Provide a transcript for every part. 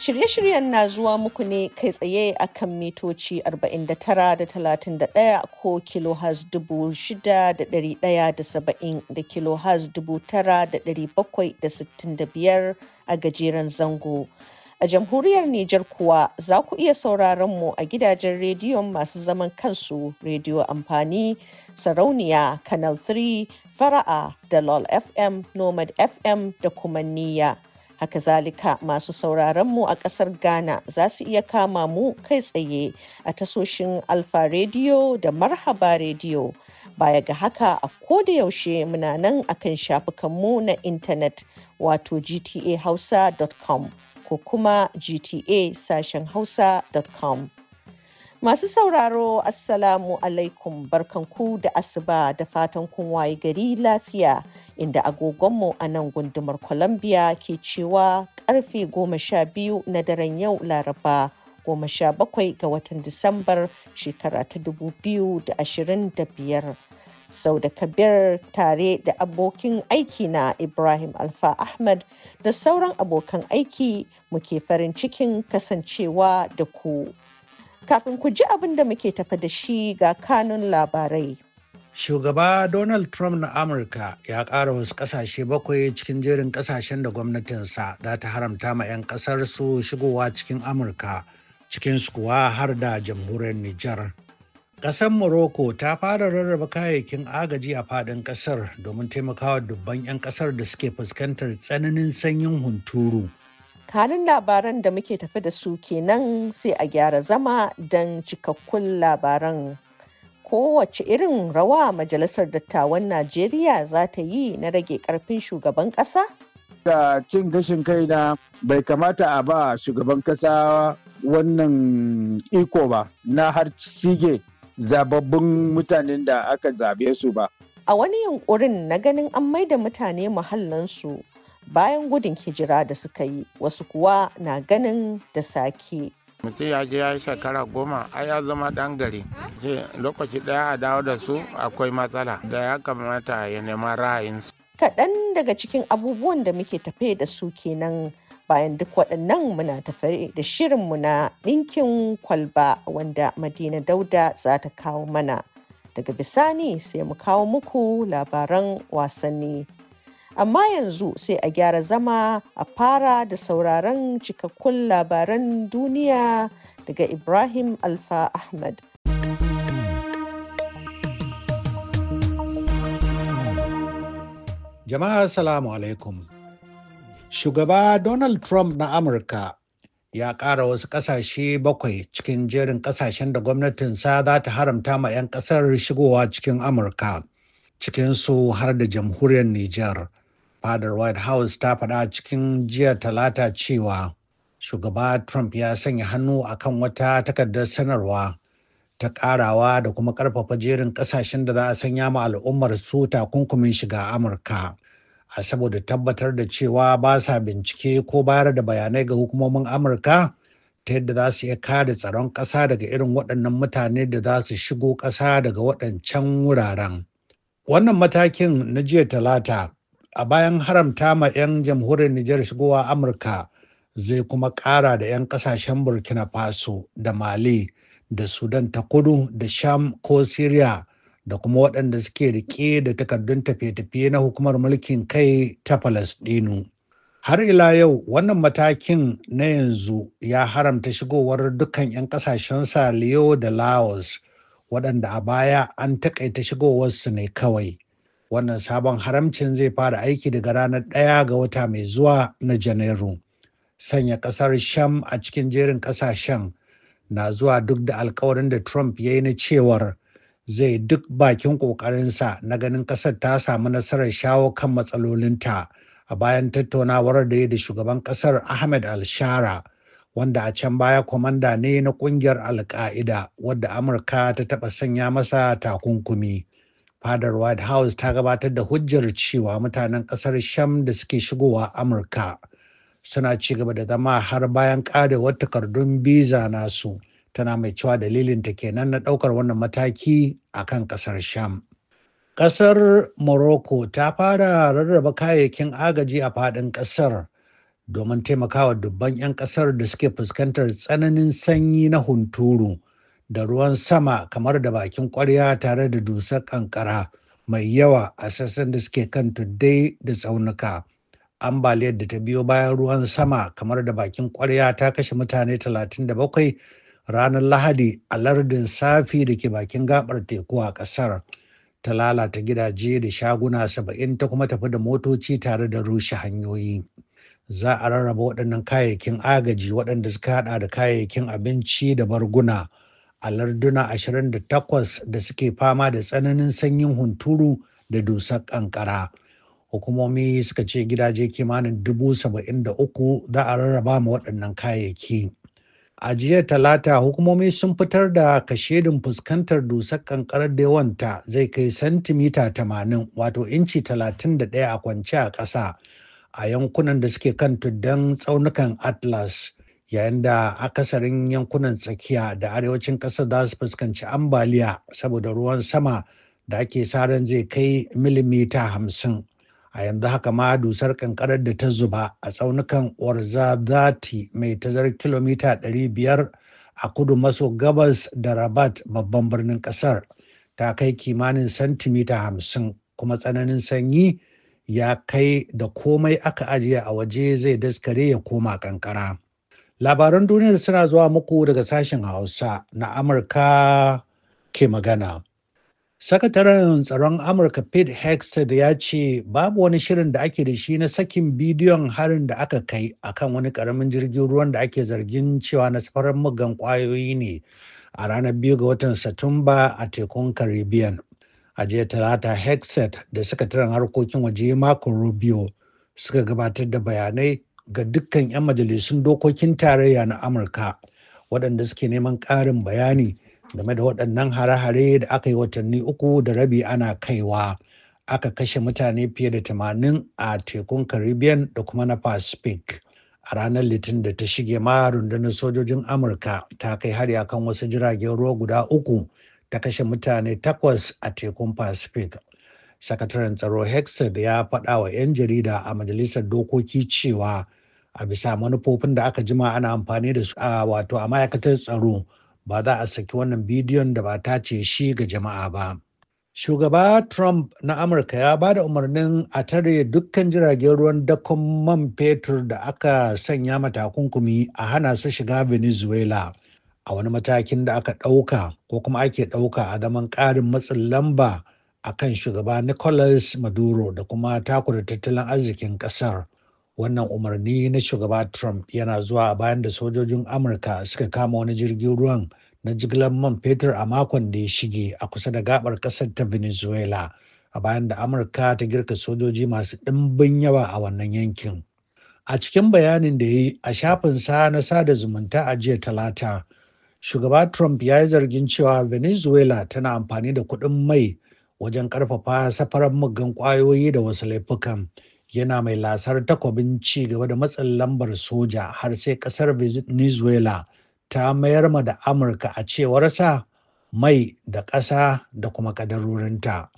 Shirye-shiryen na zuwa muku ne kai tsaye a kan mitoci 49.31 ko kilohaz 6,170 da kilohaz 9,765 a gajeren zango. A jamhuriyar Nijar kuwa za ku iya sauraron mu a gidajen rediyon masu zaman kansu rediyo amfani sarauniya Canal 3 fara'a da LOL FM, Nomad FM da kuma Haka zalika masu mu a ƙasar Ghana za su iya kama mu kai tsaye a tasoshin Alfa Radio da Marhaba Radio. Baya ga haka a koda yaushe muna nan akan shafukanmu na intanet wato gtahausa.com ko kuma gta sashen hausa.com. Masu sauraro Assalamu alaikum barkanku da asuba da fatan kun waye gari lafiya inda agogonmu a nan gundumar Columbia ke cewa karfe goma sha biyu na daren yau Laraba goma sha bakwai ga watan Disambar shekara ta dubu biyu da ashirin da biyar. Sau da kabir tare da abokin aiki na Ibrahim Alfa Ahmad da sauran abokan aiki muke farin cikin kasancewa da ku. Kafin ku ji abin da muke tafa da shi ga kanun labarai. Shugaba Donald Trump na Amurka ya ƙara wasu ƙasashe bakwai cikin jerin ƙasashen da gwamnatinsa za ta haramta ma 'yan ƙasar su shigowa cikin Amurka, cikin kuwa har da jamhuriyar Nijar. Ƙasar Morocco ta fara rarraba kayayyakin agaji a faɗin ƙasar domin taimakawa dubban 'yan ƙasar da suke fuskantar tsananin sanyin hunturu. kanun labaran da muke tafi da su kenan sai a gyara zama don cikakkun labaran kowace irin rawa majalisar dattawan najeriya za ta yi na rage karfin shugaban kasa da cin gashin kai na bai kamata a ba shugaban kasa wannan iko ba na har sige zababbun mutanen da aka zabe su ba a wani yunkurin na ganin an maida mutane muhallansu bayan gudun hijira da suka yi wasu kuwa na ganin da sake mutum ya je ya yi shekara goma ai ya zama dan gari ce lokaci daya a dawo da su akwai matsala da ya kamata ya nema ra'ayinsu kaɗan daga cikin abubuwan da muke tafe da su kenan bayan duk waɗannan muna tafe da shirinmu na ɗinkin kwalba wanda madina dauda za ta kawo mana daga bisani sai mu kawo muku labaran wasanni amma yanzu sai a gyara zama a fara da sauraron cikakkun labaran duniya daga ibrahim alfa ahmad jama'a salamu alaikum shugaba donald trump na amurka ya ƙara wasu ƙasashe bakwai cikin jerin ƙasashen da gwamnatinsa za ta haramta ma 'yan ƙasar shigowa cikin amurka cikinsu har da jamhuriyar niger fadar white house ta faɗa cikin jiya talata cewa shugaba trump ya sanya hannu akan wata takardar sanarwa ta karawa da kuma karfafa jerin kasashen da za a sanya ma al'ummar su takunkumin shiga amurka a saboda tabbatar da cewa ba sa bincike ko bayar da bayanai ga hukumomin amurka ta yadda za su iya kare tsaron ƙasa daga irin waɗannan mutane da za su shigo ƙasa daga waɗancan wuraren wannan matakin na jiya talata a bayan haramta ma 'yan jamhuriyar Nijar shigowa Amurka zai kuma ƙara da 'yan ƙasashen Burkina Faso da Mali da Sudan ta kudu da Sham ko Syria da kuma waɗanda suke riƙe da takardun tafiye-tafiye na hukumar mulkin kai ta Falasɗinu. Har ila yau wannan matakin na yanzu ya haramta shigowar dukkan 'yan ƙasashen Saliyo da Laos waɗanda a baya an taƙaita shigowarsu ne kawai. wannan sabon haramcin zai fara aiki daga ranar ɗaya ga wata mai zuwa na janairu sanya ƙasar sham a cikin jerin ƙasashen na zuwa duk da alkawarin da trump ya yi na cewar zai duk bakin ƙoƙarinsa na ganin ƙasar ta samu nasarar shawo kan matsalolinta a bayan tattaunawar da ya da shugaban ƙasar ahmed Alshara, wanda a can baya kwamanda ne na ƙungiyar al wadda amurka ta taɓa sanya masa takunkumi. fadar white house ta gabatar da hujjar cewa mutanen kasar sham da suke shigowa amurka suna ci gaba da zama har bayan karewar takardun biza nasu tana mai cewa dalilin ta kenan na daukar wannan mataki a kan kasar sham kasar morocco ta fara rarraba kayayyakin agaji a fadin kasar domin taimakawa dubban 'yan kasar da suke fuskantar tsananin sanyi na hunturu da ruwan sama kamar da bakin kwarya tare da dusar ƙanƙara mai yawa a sassan da suke kan tuddai da tsaunuka. Ambaliyar da ta biyo bayan ruwan sama kamar da bakin kwarya ta kashe mutane 37 ranar Lahadi a lardin safi da ke bakin gabar teku a ƙasar. Ta lalata gidaje da shaguna saba'in ta kuma tafi da motoci tare da rushe hanyoyi. Za a rarraba waɗannan kayayyakin agaji waɗanda suka haɗa da kayayyakin abinci da barguna. a larduna 28 da suke fama da tsananin sanyin hunturu da dusar kankara. Hukumomi suka ce gidaje kimanin dubu saba'in da uku za a rarraba ma waɗannan kayayyaki. A jiya talata hukumomi sun fitar da kashedin fuskantar dusar kankarar da yawanta zai kai santimita tamanin wato inci talatin da ɗaya a kwance a ƙasa a yankunan da suke kan tuddan tsaunukan Atlas. yayin da akasarin yankunan tsakiya da arewacin ƙasar za su fuskanci ambaliya saboda ruwan sama da ake sa ran zai kai milimita hamsin a yanzu haka ma dusar kankarar da ta zuba a tsaunukan warzazati mai tazar kilomita 500 a kudu maso gabas da rabat babban birnin kasar ta kai kimanin santimita hamsin kuma tsananin sanyi ya kai da komai aka ajiye a waje zai daskare ya koma kankara Labaran duniyar suna zuwa muku daga sashen Hausa na Amurka ke magana. Sakataren tsaron Amurka Pete Hexted ya ce babu wani shirin da ake da shi na sakin bidiyon harin da aka kai akan wani karamin jirgin ruwan da ake zargin cewa na safarar mugan kwayoyi ne a ranar biyu ga watan Satumba a tekun Caribbean. A jiya talata Hexed da sakataren harkokin waje makon Rubio suka gabatar da bayanai ga dukkan 'yan majalisun dokokin tarayya na amurka waɗanda suke neman ƙarin bayani game da waɗannan hare-hare da aka yi watanni uku da rabi ana kaiwa aka kashe mutane fiye da tamanin a tekun caribbean da kuma na pacific a ranar litin da ta shige ma rundunar sojojin amurka ta kai hari akan wasu jiragen ruwa guda uku ta kashe mutane takwas a tekun pacific sakataren tsaro hexed ya faɗa wa 'yan jarida a majalisar dokoki cewa a bisa manufofin da aka jima ana amfani da su a wato a ma'aikatar tsaro ba za a saki wannan bidiyon da ba ta ce shi ga jama'a ba. Shugaba Trump na Amurka ya ba da umarnin a tare dukkan jiragen ruwan dakon man fetur da aka sanya matakunkumi a hana su shiga Venezuela a wani matakin da aka ɗauka ko kuma ake ɗauka a zaman ƙarin matsin lamba a kan shugaba Nicolas Maduro da kuma takura tattalin arzikin ƙasar. wannan umarni na shugaba trump yana zuwa bayan da sojojin amurka suka kama wani jirgin ruwan na jigilar man fetur a makon da ya shige a kusa da gabar kasar ta venezuela a bayan da amurka ta girka sojoji masu ɗimbin yawa a wannan yankin a cikin bayanin da ya yi a shafin sa na sada zumunta a jiya talata shugaba trump ya yi zargin cewa venezuela tana amfani da kuɗin mai wajen ƙarfafa safarar muggan ƙwayoyi da wasu laifukan yana mai lasar takwabin ci gaba da matsin lambar soja har sai kasar venezuela ta mayar ma da amurka a cewarsa mai da ƙasa da kuma kadarorinta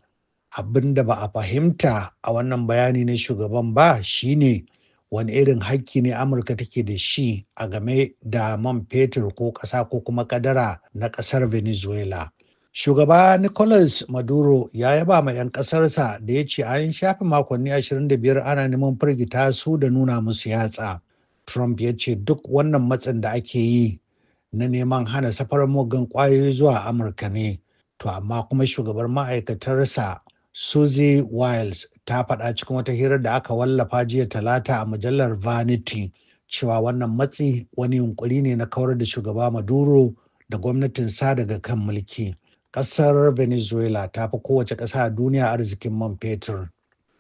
abin da ba a fahimta a wannan bayani na shugaban ba shine wani irin hakki ne amurka take da shi a game da man fetur ko ƙasa ko kuma kadara na ƙasar venezuela Shugaba Nicolas Maduro ya yaba ma 'yan kasarsa da ya ce an shafi makonni 25 ana neman firgita su da nuna musu yatsa. Trump ya ce duk wannan matsin da ake yi na neman hana safar mugan kwayoyi zuwa Amurka ne. To amma kuma shugabar ma'aikatarsa Suzy Wiles ta faɗa cikin wata hirar da aka wallafa jiya talata a mujallar Vanity cewa wannan matsi wani yunkuri ne na kawar da shugaba Maduro da gwamnatin sa daga kan mulki. Ƙasar Venezuela ta fi kowace ƙasa a duniya arzikin man fetur.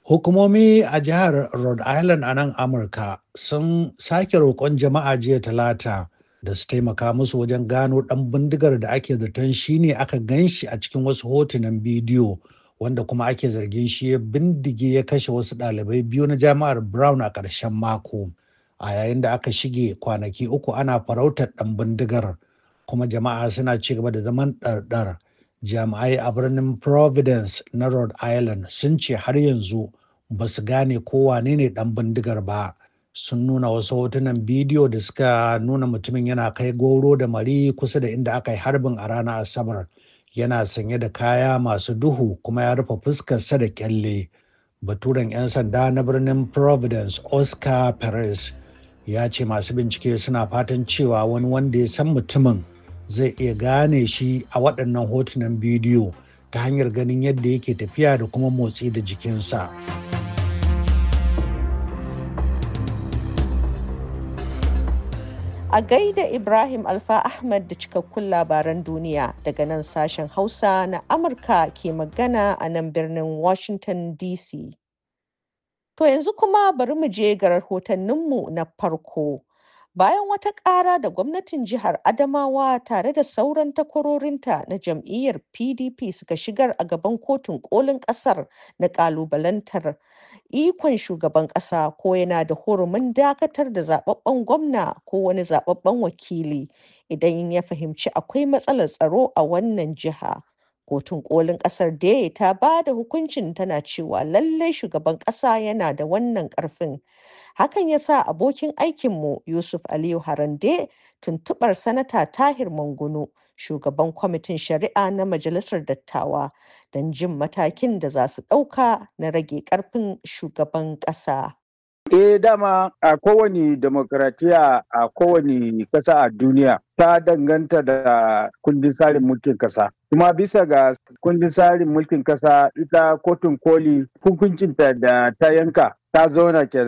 Hukumomi a jihar Rhode Island a nan Amurka sun sake roƙon jama'a jiya talata da su taimaka musu wajen gano ɗan bindigar da ake zaton shi ne aka gan shi a cikin wasu hotunan bidiyo wanda kuma ake zargin shi ya bindige ya kashe wasu ɗalibai biyu na jami'ar Brown a ƙarshen mako. A yayin da aka shige kwanaki uku ana farautar ɗan bindigar kuma jama'a suna ci gaba da zaman ɗarɗar. jami'ai a birnin providence na rhode island sun ce har yanzu ba su gane ko ne ne dan bindigar ba sun nuna wasu hotunan bidiyo da suka nuna mutumin yana kai goro da mari kusa da inda aka yi harbin a ranar asabar yana sanye da kaya masu duhu kuma ya rufe fuskarsa da kyalle baturen 'yan sanda na birnin providence oscar perez ya ce masu bincike suna fatan cewa wani wanda ya san mutumin zai iya gane shi a waɗannan hotunan bidiyo ta hanyar ganin yadda yake tafiya da kuma motsi da jikinsa. A gaida Ibrahim Alfa Ahmad da cikakkun labaran duniya daga nan sashen Hausa na Amurka ke magana a nan birnin Washington DC. To yanzu kuma bari mu je ga rahotanninmu na farko. bayan wata ƙara da gwamnatin jihar Adamawa tare da sauran takwarorinta na jam'iyyar PDP suka shigar a gaban kotun kolin ƙasar na ƙalubalantar ikon shugaban ƙasa ko yana da hurumin dakatar da zababben gwamna ko wani zababben wakili idan ya fahimci akwai matsalar tsaro a wannan jiha. kotun kolin kasar dai ta ba da hukuncin tana cewa lallai shugaban kasa yana da wannan karfin hakan ya sa abokin aikinmu yusuf aliyu harande tuntubar sanata tahir mangunu shugaban kwamitin shari'a na majalisar dattawa don jin matakin da za su ɗauka na rage karfin shugaban ƙasa. Eh dama a kowane demokratiya a kowane ƙasa a duniya ta danganta da kundin tsarin mulkin ƙasa. kuma bisa ga kundin tsarin mulkin kasa ita kotun koli hukuncinta da ta yanka ta zauna ke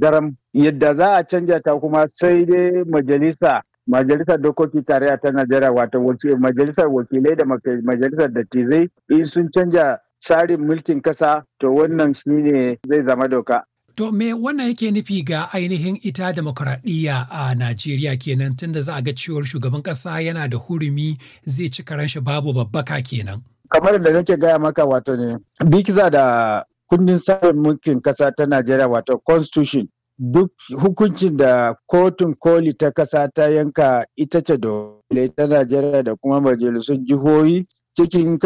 daram yadda za a canja ta kuma sai dai majalisa majalisar dokoki tarayya ta najeriya wato majalisar wakilai da majalisar tizai in sun canja tsarin mulkin kasa to wannan shine zai zama doka To me wannan yake nufi ga ainihin ita demokuraɗiyya a Najeriya kenan tunda za a ga cewar shugaban ƙasa yana da hurumi zai ci karanshi babu babbaka kenan. Kamar da nake gaya maka wato ne, bikiza da kundin samun mulkin ƙasa ta Najeriya wato constitution duk hukuncin da kotun koli ta ƙasa ta yanka ita ce dole ta Najeriya da kuma majalisun jihohi cikin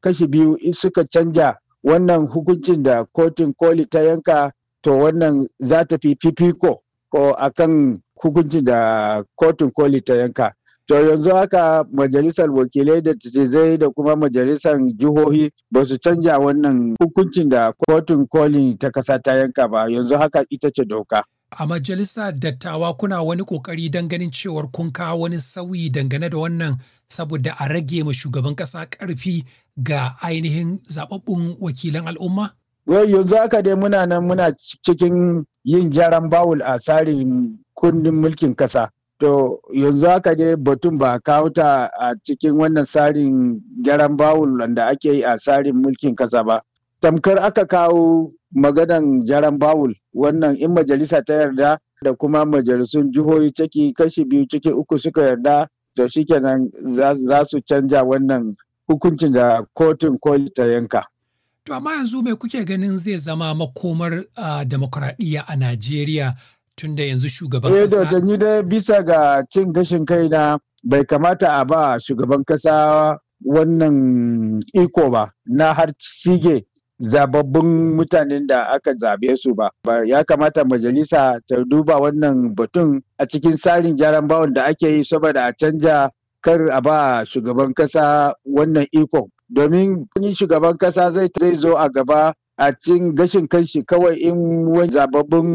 kashi biyu suka canja wannan hukuncin da kotun koli ta yanka to wannan za ta fi fifiko ko a kan hukuncin da kotun koli ta yanka to yanzu haka majalisar wakilai da tijizai da kuma majalisar jihohi ba su canja wannan hukuncin da kotun koli ta kasa ta yanka ba yanzu haka ita ce doka a majalisa dattawa kuna wani kokari don ganin cewar kun kawo wani sauyi dangane da wannan saboda a rage ma shugaban ƙasa ƙarfi ga ainihin zababbun wakilan al'umma wai yanzu haka dai muna nan muna cikin yin jaran bawul a tsarin kundin mulkin kasa to yanzu haka dai batun ba kawo ta a cikin wannan tsarin jaran bawul wanda ake yi a tsarin mulkin kasa ba tamkar aka kawo maganan jaran bawul wannan in majalisa ta yarda da kuma majalisun jihohi ciki kashi biyu ciki uku suka yarda to shikenan za su canja wannan hukuncin da kotun koli ta yanka To amma yanzu mai kuke ganin zai zama makomar a demokuraɗiyya a Najeriya tun da yanzu shugaban eh, kasa. Eh da ni da bisa ga cin gashin kai na bai kamata a ba shugaban kasa wannan iko ba na har sige zababbun mutanen da aka zabe su ba. Ya kamata majalisa ta duba wannan batun a cikin tsarin gyaran bawon da ake yi saboda a canja kar a ba shugaban kasa wannan iko. domin wani shugaban kasa zai zo a gaba a cin gashin kanshi kawai in wani zababbin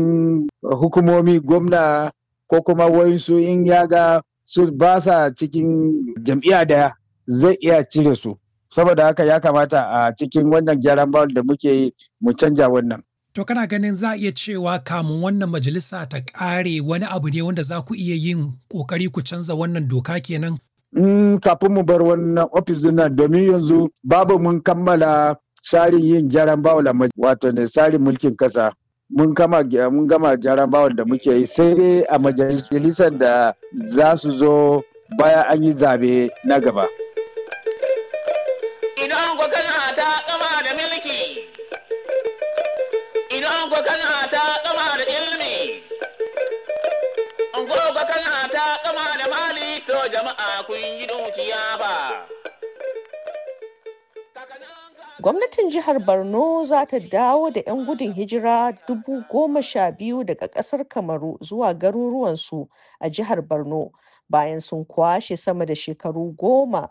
hukumomi gwamna ko kuma wayansu in ya ga su ba sa cikin jam'iyya daya zai iya cire su saboda haka ya kamata a cikin wannan gyaran bawul da muke mu canja wannan To kana ganin za a iya cewa kamun wannan majalisa ta kare wani abu ne wanda za ku iya yin ƙoƙari ku canza wannan doka kenan in mm, kafin mu bar wannan ofis nan domin yanzu babu mun kammala tsarin yin jaran bawul wato ne tsarin mulkin kasa mun gama mun gama gyaran bawul da muke yi sai dai a majalisar da za su zo bayan an yi zabe na gaba. jama'a kun yi Gwamnatin jihar Borno za ta dawo da 'yan gudun hijira dubu goma sha biyu daga ƙasar Kamaru zuwa garuruwansu a jihar Borno bayan sun kwashe sama da shekaru goma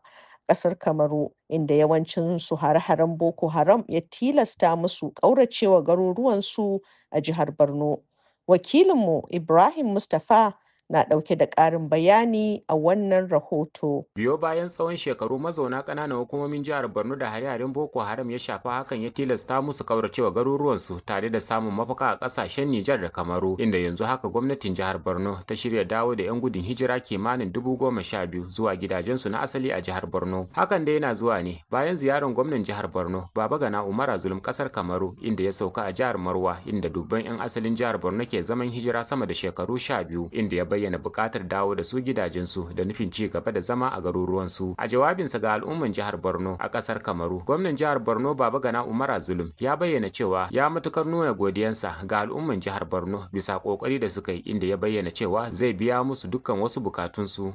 ƙasar Kamaru inda yawancin su hare-haren Boko Haram ya tilasta musu ƙauracewa garuruwansu a jihar Borno. Wakilinmu Ibrahim Mustapha na ɗauke da ƙarin bayani a wannan rahoto. Biyo bayan tsawon shekaru mazauna ƙananan hukumomin jihar Borno da hare-haren Boko Haram ya shafa hakan ya tilasta musu kauracewa garuruwansu tare da samun mafaka a ƙasashen Nijar da Kamaru inda yanzu haka gwamnatin jihar Borno ta shirya dawo da 'yan gudun hijira kimanin dubu goma sha biyu zuwa gidajensu na asali a jihar Borno. Hakan da yana zuwa ne bayan ziyarar gwamnan jihar Borno Baba Gana Umara Zulum ƙasar Kamaru inda ya sauka a jihar Marwa inda dubban 'yan asalin jihar Borno ke zaman hijira sama da shekaru sha biyu inda ya bayyana buƙatar dawo da su gidajensu da nufin ci gaba da zama a garuruwansu a jawabinsa ga al'umman jihar borno a ƙasar kamaru gwamnan jihar borno baba gana umara zulum ya bayyana cewa ya matukar nuna godiyansa ga al'umman jihar borno bisa ƙoƙari da suka yi inda ya bayyana cewa zai biya musu dukkan wasu bukatunsu.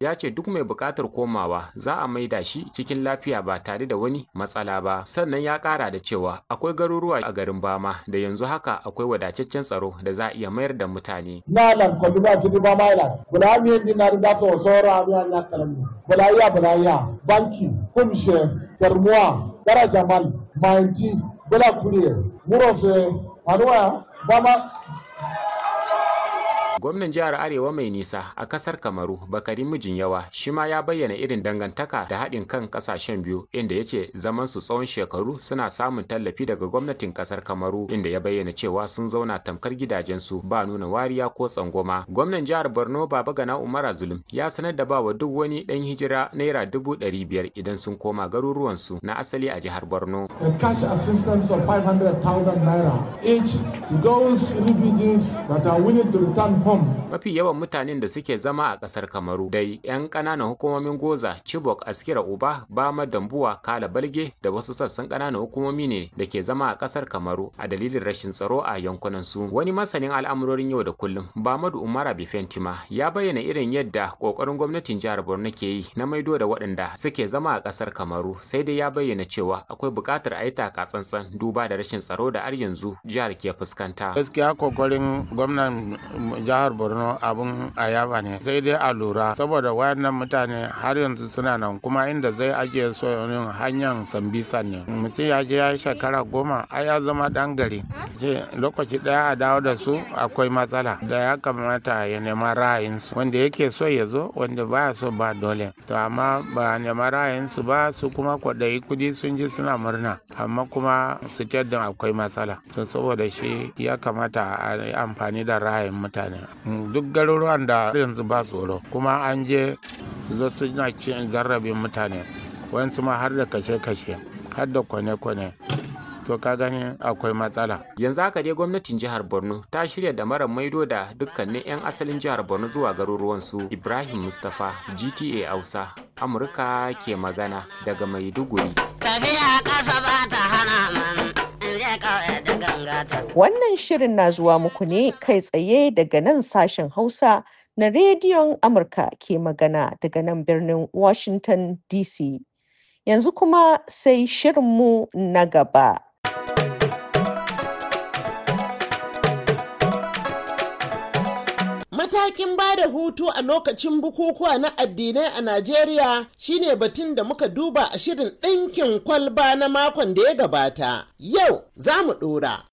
ya ce duk mai bukatar komawa za a maida shi cikin lafiya ba tare da wani matsala ba sannan ya ƙara da cewa akwai akwai garuruwa a garin Bama da yanzu haka akwai wadataccen tsaro da za a iya mayar da mutane. Na nan kwalba su Bama ila. Bula mi yin na da so sora abi an ya karamu. Bula ya bula ya banki kumshe termuwa dara jamal mainti bula kuriye murose anuwa Bama Gwamnan jihar Arewa mai nisa a kasar Kamaru Bakari Mijin Yawa shi ma ya bayyana irin dangantaka da haɗin kan ƙasashen biyu inda ya ce zaman su tsawon shekaru suna samun tallafi daga gwamnatin ƙasar Kamaru inda ya bayyana cewa sun zauna tamkar gidajensu ba nuna wariya ko tsangwama. Gwamnan jihar Borno Baba Gana Umara Zulum ya sanar da bawa duk wani ɗan hijira naira dubu ɗari biyar idan sun koma garuruwansu na asali a jihar Borno. cash assistance of 500,000 naira each to to return home. mafi yawan mutanen da suke zama a ƙasar kamaru dai 'yan ƙananan hukumomin goza chibok askira uba bama dambuwa kala balge da wasu sassan ƙananan hukumomi ne da ke zama a ƙasar kamaru a dalilin rashin tsaro a yankunan su wani masanin al'amurorin yau da kullum bamadu umara bifentima ya bayyana irin yadda ƙoƙarin gwamnatin jihar borno ke yi na maido da waɗanda suke zama a ƙasar kamaru sai dai ya bayyana cewa akwai buƙatar a yi taka tsantsan duba da rashin tsaro da har yanzu jihar ke fuskanta gaskiya ƙoƙarin gwamnan jihar borno borno abun ayaba ne sai dai a lura saboda wayannan mutane har yanzu suna nan kuma inda zai ajiye soyayyun hanyar sambisa ne mutum ya je ya yi shekara goma a ya zama dan gari lokaci daya a dawo da su akwai matsala da ya kamata ya nema ra'ayinsu wanda yake so ya zo wanda baya so ba dole to amma ba nema ra'ayinsu ba su kuma kwaɗayi kudi sun ji suna murna amma kuma su akwai matsala to saboda shi ya kamata a amfani da ra'ayin mutane duk garuruwan da yanzu ba tsoro kuma an je su zo suna cin zarrabin mutane wasu ma har da kashe-kashe har da kwane-kwane to ka gani akwai matsala. Yanzu haka dai gwamnatin jihar Borno ta shirya da mara maido da dukkanin 'yan asalin jihar Borno zuwa garuruwansu Ibrahim Mustapha GTA Hausa, Amurka ke magana daga Maiduguri. Tafiya Wannan shirin na zuwa muku ne kai tsaye daga nan sashen Hausa na Rediyon Amurka ke magana daga nan birnin Washington DC. Yanzu kuma sai shirinmu na gaba. matakin ba da hutu a lokacin bukukuwa na addinai a Najeriya shine batun da muka duba a shirin ɗinkin kwalba na makon da ya gabata. Yau za mu ɗora.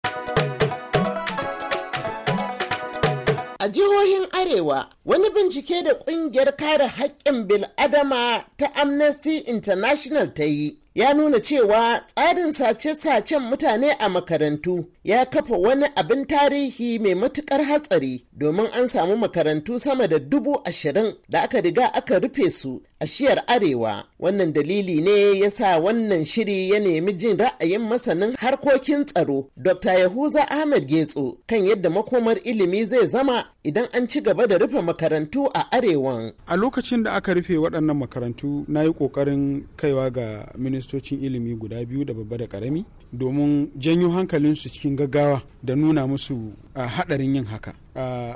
A jihohin Arewa, wani bincike da ƙungiyar kare haƙƙin bil'adama ta Amnesty International ta yi, ya nuna cewa tsarin sace-sacen mutane a makarantu ya kafa wani abin tarihi mai matukar hatsari domin an samu makarantu sama da dubu ashirin da aka riga aka rufe su a shiyar arewa wannan dalili ne ya sa wannan shiri ya nemi jin ra'ayin masanin harkokin tsaro dr yahuza ahmed getso kan yadda makomar ilimi zai zama idan an ci gaba da rufe makarantu a arewan a lokacin da aka rufe waɗannan makarantu na yi ƙoƙarin kaiwa ga ministocin ilimi guda biyu da babba da ƙarami domin janyo hankalinsu cikin gaggawa da nuna musu haɗarin yin haka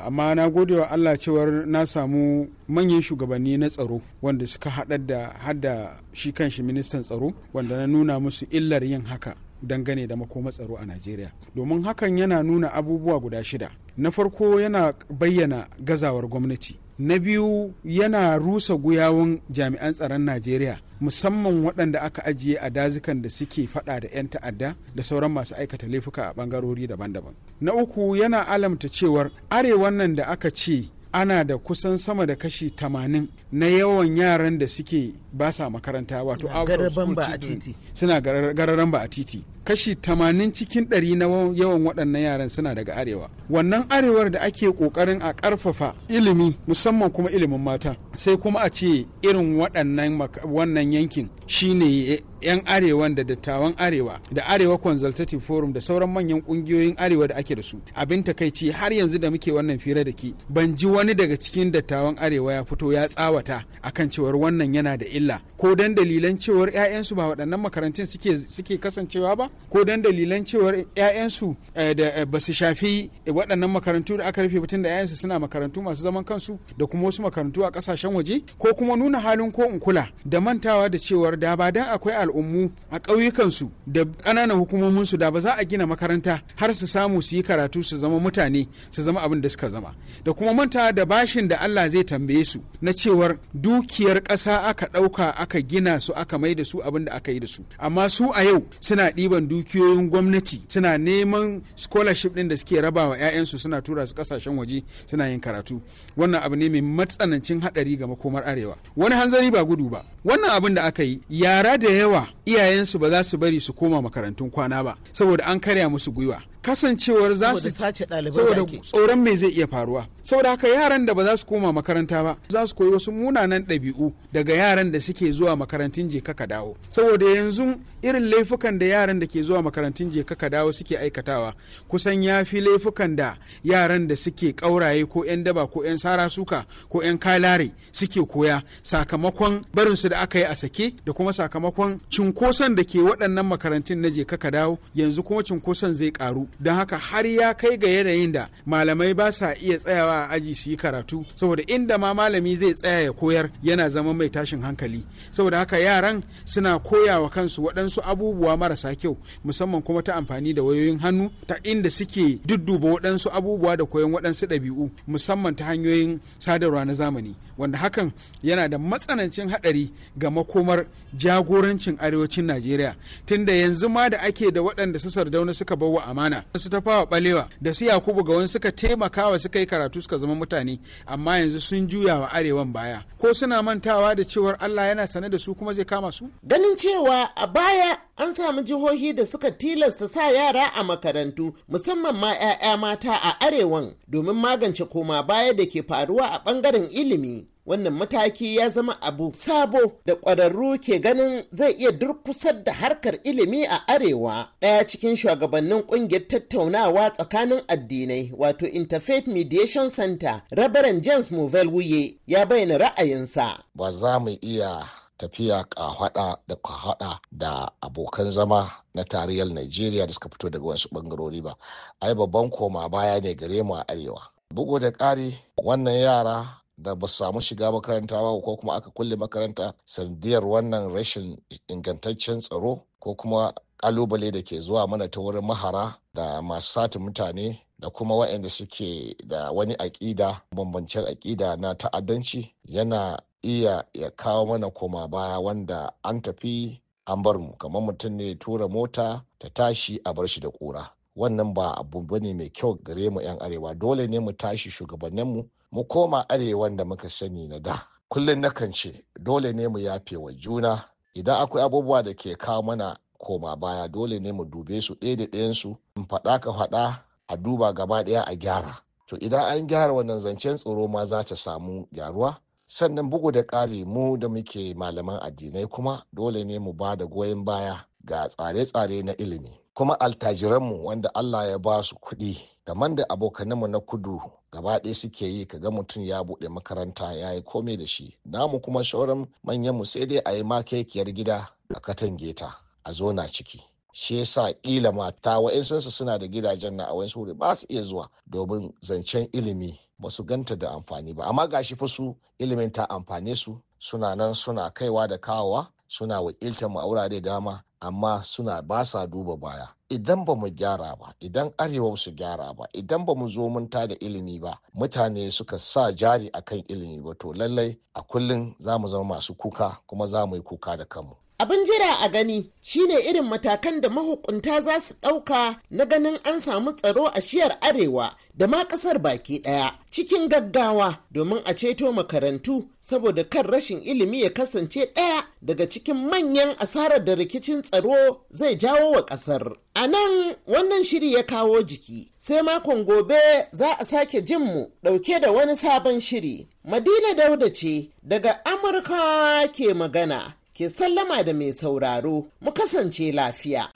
amma na gode wa allah cewar na samu manyan shugabanni na tsaro wanda suka haɗar da hada shi kanshi ministan tsaro wanda na nuna musu illar yin haka dangane da makoma tsaro a najeriya domin hakan yana nuna abubuwa guda shida na farko yana bayyana gazawar gwamnati na biyu yana rusa guyawun jami'an tsaron najeriya musamman waɗanda aka ajiye a dazukan da suke faɗa da 'yan ta'adda da sauran masu aikata laifuka a ɓangarori daban-daban. Na uku yana alamta cewar arewan nan da aka ce ana da kusan sama da kashi 80 na yawan yaran da suke ba sa makaranta wato gararan ba a titi suna gararan ba a titi kashi tamanin cikin ɗari na yawan waɗannan yaran suna daga arewa wannan arewar da ake ƙoƙarin a ƙarfafa ilimi musamman kuma ilimin mata sai kuma a ce irin waɗannan wannan yankin shine 'yan arewa da dattawan arewa da arewa consultative forum da sauran manyan ƙungiyoyin arewa da ake da su abin takaici har yanzu da muke wannan fira da ke ban ji wani daga cikin dattawan arewa ya fito ya tsawata akan cewar wannan yana da illa ko dan dalilan cewar 'ya'yansu ba waɗannan makarantun suke kasancewa ba ko dan dalilan cewar 'ya'yansu eh, da eh, ba su shafi eh, waɗannan makarantu da aka rufe batun da 'ya'yansu suna makarantu masu zaman kansu da kuma wasu makarantu a ƙasashen waje ko kuma nuna halin ko in kula da mantawa da cewar da ba dan akwai al'ummu a ƙauyukansu da ƙananan hukumominsu da ba za a gina makaranta har su samu su yi karatu su zama mutane su zama abin da suka zama da kuma mantawa da bashin da Allah zai tambaye su na cewar dukiyar ƙasa aka ɗau ɗauka aka gina su aka mai da su abin da aka yi da su amma su a yau suna ɗiban dukiyoyin gwamnati suna neman scholarship ɗin da suke rabawa 'ya'yansu suna tura su ƙasashen waje suna yin karatu wannan abu ne mai matsanancin haɗari ga makomar arewa wani hanzari ba gudu ba wannan abin da aka yi yara da yawa iyayensu ba za su bari su koma makarantun kwana ba saboda an karya musu gwiwa kasancewar za su saboda tsoron me zai iya faruwa saboda haka yaran da ba za su koma makaranta ba za su koyi wasu munanan ɗabi'u daga yaran da suke zuwa makarantun je ka dawo saboda yanzu irin laifukan da yaran da ke zuwa makarantun je ka dawo suke aikatawa kusan ya fi laifukan da yaran da suke ƙauraye ko 'yan daba ko 'yan sara suka ko 'yan kalare suke koya sakamakon barin su da aka yi a sake da kuma sakamakon cunkoson da ke waɗannan makarantun na je ka dawo yanzu kuma cunkoson zai ƙaru don haka har ya kai ga yanayin da malamai ba sa iya tsayawa a aji su yi karatu saboda inda ma malami zai tsaya ya koyar yana zama mai tashin hankali saboda haka yaran suna koya wa kansu waɗansu abubuwa marasa kyau musamman kuma ta amfani da wayoyin hannu ta inda suke dudduba waɗansu abubuwa da koyon waɗansu ɗabi'u musamman ta hanyoyin sadarwa na zamani wanda hakan yana da matsanancin haɗari ga makomar jagorancin arewacin najeriya tunda yanzu ma da ake da waɗanda su sardauna suka bawa amana su ta fawa balewa da su Yakubu ga wani suka taimakawa suka yi karatu suka zama mutane amma yanzu sun juya wa arewan baya ko suna mantawa da cewar Allah yana sane da su kuma zai kama su ganin cewa a baya an samu jihohi da suka tilasta sa yara a makarantu musamman ma 'ya'ya mata a arewan domin magance koma baya da ke faruwa a bangaren ilimi wannan mataki ya zama abu sabo da ƙwararru ke ganin zai iya durkusar da harkar ilimi a arewa ɗaya cikin shugabannin ƙungiyar tattaunawa tsakanin addinai wato interfaith mediation center rabaran james movell wuye ya bayyana ra'ayinsa ba za mu iya tafiya kahwada da kahwada da abokan zama na tarayyar Najeriya da suka fito daga wasu bangarori ba. Ai babban koma baya ne gare mu a arewa. Bugu da ƙari wannan yara da ba samu shiga makaranta ba ko kuma aka kulle makaranta sandiyar wannan rashin ingantaccen tsaro ko kuma kalubale da ke zuwa mana ta wurin mahara da masu satin mutane da kuma waɗanda suke da wani aƙida bambancin aƙida na ta'addanci yana iya ya kawo mana koma baya wanda an tafi an bar mu kamar mutum ne tura mota ta tashi a bar shi da ƙura wannan ba abu bane mai kyau gare mu 'yan arewa dole ne mu tashi shugabanninmu mu koma arewan da muka sani na da kullum nakan ce dole ne mu yafe wa juna idan akwai abubuwa da ke kawo mana koma baya dole ne mu dube su ɗaya da ɗayan su in faɗa ka faɗa a duba gaba ɗaya a gyara to idan an gyara wannan zancen tsoro ma za ta samu gyaruwa sannan bugu da ƙari mu da muke malaman addinai kuma dole ne mu ba da goyon baya ga tsare-tsare na ilimi kuma altajiranmu wanda Allah ya ba su kuɗi daman da abokanmu na kudu gaba ɗaya suke yi ka ga mutum ya buɗe makaranta ya yi komai da shi namu kuma shauran manyan mu sai dai a yi makekiyar gida a katange ta a zona ciki shi yasa kila mata wa'insansu suna da gidajen na a wani wuri ba su iya zuwa domin zancen ilimi ba su ganta da amfani ba amma gashi fa su ilimin ta amfane su suna nan suna kaiwa da kawowa suna wakiltar mu a wurare dama amma suna ba sa duba baya idan ba mu gyara ba idan arewa su gyara ba idan ba mu zo mun da ilimi ba mutane suka sa jari akan ilimi ba to lallai a kullum za mu zama masu kuka kuma za mu yi kuka da kanmu Abin jira a gani shine irin matakan da mahukunta za su ɗauka na ganin an samu tsaro a shiyar arewa da ma ƙasar baki ɗaya cikin gaggawa domin a ceto makarantu saboda kan rashin ilimi ya kasance ɗaya daga cikin manyan asarar da rikicin tsaro zai jawo wa ƙasar. A nan wannan shiri ya kawo jiki sai makon gobe za a sake jin mu ɗauke da wani sabon shiri. Madina Dauda ce daga Amurka ke magana. ke sallama da mai sauraro mu kasance lafiya.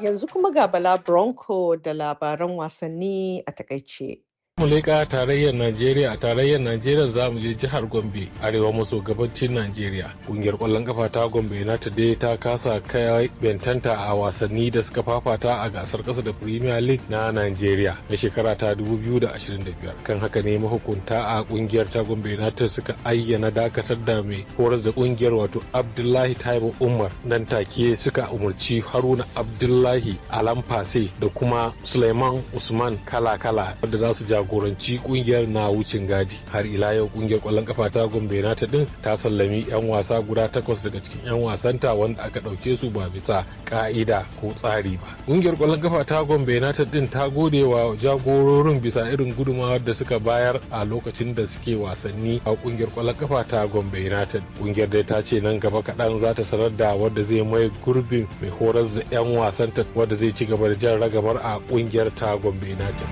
Yanzu kuma ga Bala Bronco da labaran wasanni a takaice. mu tarayyar Najeriya a tarayyar Najeriya za mu je jihar Gombe arewa maso gabacin Najeriya. Kungiyar kwallon kafa ta Gombe ta dai ta kasa kai bentanta a wasanni da suka fafata a gasar ƙasa da Premier League na Najeriya na shekara ta 2025. Kan haka ne mahukunta a kungiyar ta Gombe na ta suka ayyana dakatar da mai horar da kungiyar wato Abdullahi Taibu Umar nan take suka umarci Haruna Abdullahi Alamfase da kuma Suleiman Usman kala-kala wadda za su jagoranci kungiyar na wucin gadi har ila yau kungiyar kwallon kafa ta gombe na ta din ta sallami yan wasa guda takwas daga cikin yan wasanta wanda aka dauke su ba bisa ka'ida ko tsari ba kungiyar kwallon kafa ta gombe na ta din ta gode wa jagororin bisa irin gudumawar da suka bayar a lokacin da suke wasanni a kungiyar kwallon kafa ta gombe ta kungiyar dai ta ce nan gaba kaɗan za ta sanar da wanda zai mai gurbin mai horas da 'yan wasanta wanda zai ci gaba da jan ragamar a kungiyar ta gombe ta.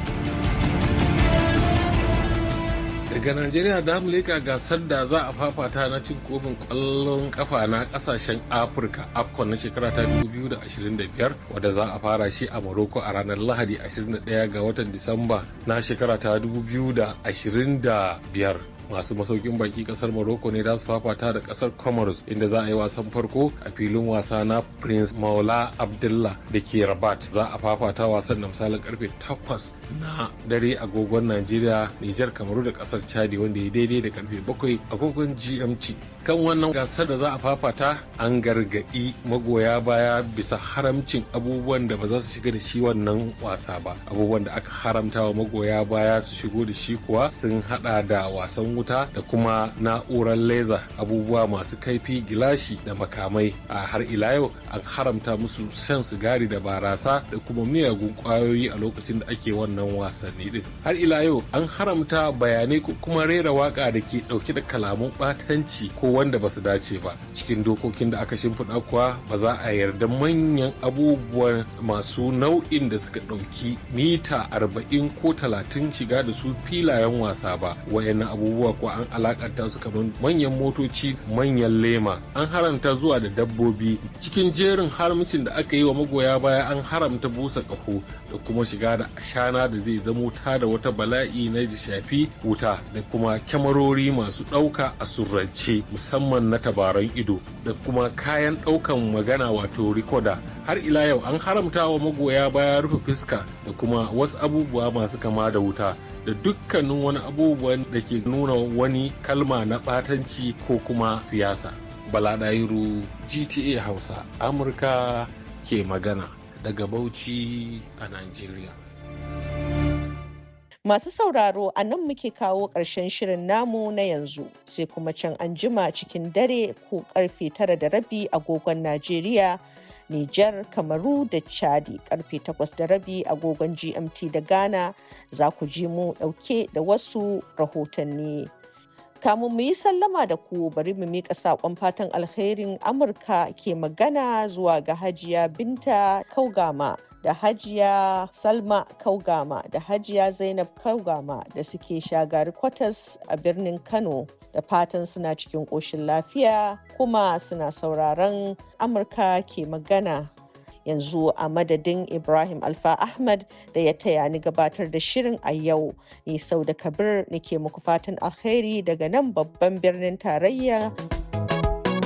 daga najeriya da mu leka gasar da za a fafata na cin kofin kwallon kafa na kasashen afirka afcon na shekara ta 2025 wadda za a fara shi a morocco a ranar lahadi 21 ga watan disamba na shekara ta 2025 masu masaukin baki kasar morocco ne za su fafata da kasar comoros inda za a yi wasan farko a filin wasa na prince maula abdullah da ke rabat za a fafata wasan da misalin karfe 8 na dare agogon Najeriya, Nijar, Kamaru da kasar Chadi wanda ya daidai da karfe 7 agogon GMT. Kan wannan gasar da za a fafata an gargaɗi magoya baya bisa haramcin abubuwan da ba za su shiga da shi wannan wasa ba. Abubuwan da aka haramta wa magoya baya su shigo da shi kuwa sun hada da wasan wuta da kuma na'urar leza abubuwa masu kaifi gilashi da makamai a har ila yau an haramta musu shan sigari da barasa da kuma miyagun kwayoyi a lokacin da ake wannan wannan wasanni din har ila yau an haramta bayanai ko kuma rera waka da ke ɗauki da kalamun batanci ko wanda basu dace ba cikin dokokin da aka shimfiɗa kuwa ba za a yarda manyan abubuwan masu nau'in da suka ɗauki mita arba'in ko talatin shiga da su filayen wasa ba wayannan abubuwa ko an alakanta su kamar manyan motoci manyan lema an haramta zuwa da dabbobi cikin jerin haramcin da aka yi wa magoya baya an haramta busa ƙaho da kuma shiga da ashana da zai zamo ta da wata bala'i na ji shafi wuta da kuma kyamarori masu ɗauka a surrance musamman na tabaran ido da kuma kayan ɗaukan magana wato rikoda har ila yau an haramta wa magoya baya rufe fuska da kuma wasu abubuwa masu kama da wuta da dukkanin wani abubuwan da ke nuna wani kalma na ɓatanci ko kuma siyasa. Bala GTA Hausa Amurka ke magana. daga Bauchi a Najeriya. Masu sauraro a nan muke kawo ƙarshen shirin namu na yanzu sai kuma can an jima cikin dare ko karfe tara da rabi agogon Najeriya, Nijar, Kamaru da Chadi karfe takwas da rabi agogon GMT da Ghana za ku ji mu ɗauke da wasu rahotanni. kamun mu yi sallama da ku bari mu miƙa saƙon fatan alherin amurka ke magana zuwa ga hajiya binta kaugama da hajiya salma kaugama da hajiya zainab kaugama da suke shagari kwatas a birnin kano da fatan suna cikin ƙoshin lafiya kuma suna sauraron amurka ke magana yanzu a madadin ibrahim alfa ahmad da ya taya ni gabatar da shirin a yau ni sau da kabir nake muku fatan alheri daga nan babban birnin tarayya